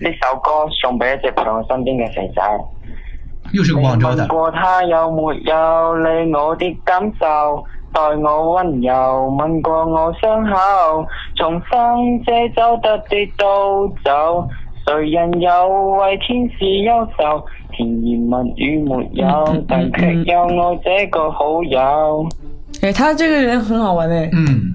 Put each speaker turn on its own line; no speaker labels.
呢首歌送俾一隻陪我身邊嘅肥仔又是。問過他有沒有理我啲感受，待我溫柔，吻過我傷口，從生者走得的都走，誰人有為天使憂愁？甜言蜜
語沒有，但卻有我這個好友。誒、嗯嗯嗯欸，他這個人很好玩嘅。嗯。